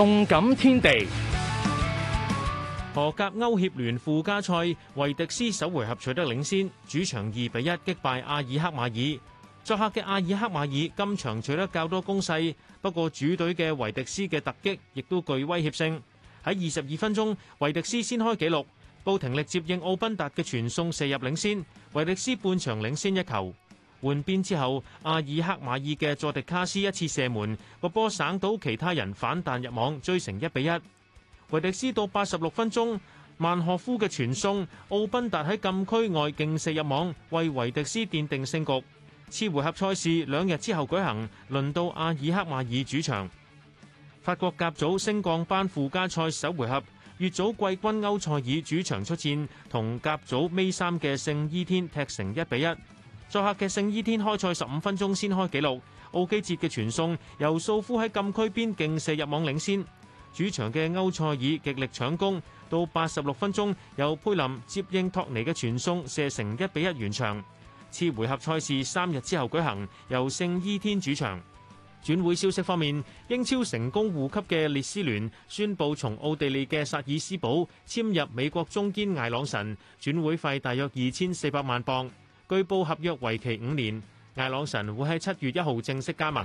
動感天地，荷甲歐協聯附加賽，維迪斯首回合取得領先，主場二比一擊敗阿爾克馬爾。作客嘅阿爾克馬爾今場取得較多攻勢，不過主隊嘅維迪斯嘅突擊亦都具威脅性。喺二十二分鐘，維迪斯先開紀錄，布廷歷接應奧賓達嘅傳送射入領先，維迪斯半場領先一球。換邊之後，阿爾克馬爾嘅佐迪卡斯一次射門，個波省到其他人反彈入網，追成一比一。維迪斯到八十六分鐘，曼賀夫嘅傳送，奧賓達喺禁區外勁射入網，為維迪斯奠定勝局。次回合賽事兩日之後舉行，輪到阿爾克馬爾主場。法國甲組升降班附加賽首回合，乙組季軍歐賽爾主場出戰，同甲組尾三嘅聖伊天踢成一比一。作客嘅聖伊天開賽十五分鐘先開紀錄，奧基捷嘅傳送由素夫喺禁區邊勁射入網領先。主場嘅歐賽爾極力搶攻，到八十六分鐘由佩林接應托尼嘅傳送射成一比一完場。次回合賽事三日之後舉行，由聖伊天主場。轉會消息方面，英超成功護級嘅列斯聯宣布從奧地利嘅薩爾斯堡簽入美國中堅艾朗臣，轉會費大約二千四百萬磅。據報合約為期五年，艾朗臣會喺七月一號正式加盟。